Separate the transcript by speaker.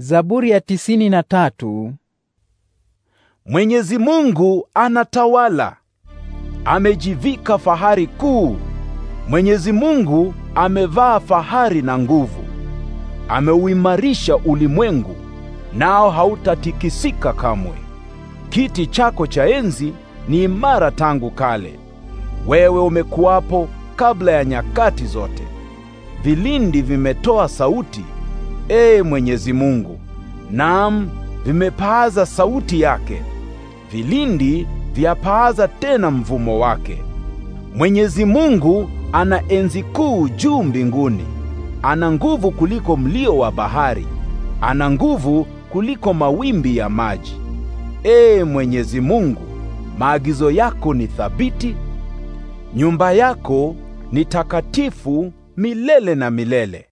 Speaker 1: Zaburi ya tisini na tatu. Mwenyezi Mungu anatawala. Amejivika fahari kuu. Mwenyezi Mungu amevaa fahari na nguvu. Ameuimarisha ulimwengu nao hautatikisika kamwe. Kiti chako cha enzi ni imara tangu kale. Wewe umekuwapo kabla ya nyakati zote. Vilindi vimetoa sauti Ee Mwenyezi Mungu, naam, vimepaaza sauti yake, vilindi vyapaaza tena mvumo wake. Mwenyezi Mungu ana enzi kuu juu mbinguni, ana nguvu kuliko mlio wa bahari, ana nguvu kuliko mawimbi ya maji. Ee Mwenyezi Mungu, maagizo yako ni thabiti, nyumba yako ni takatifu milele na milele.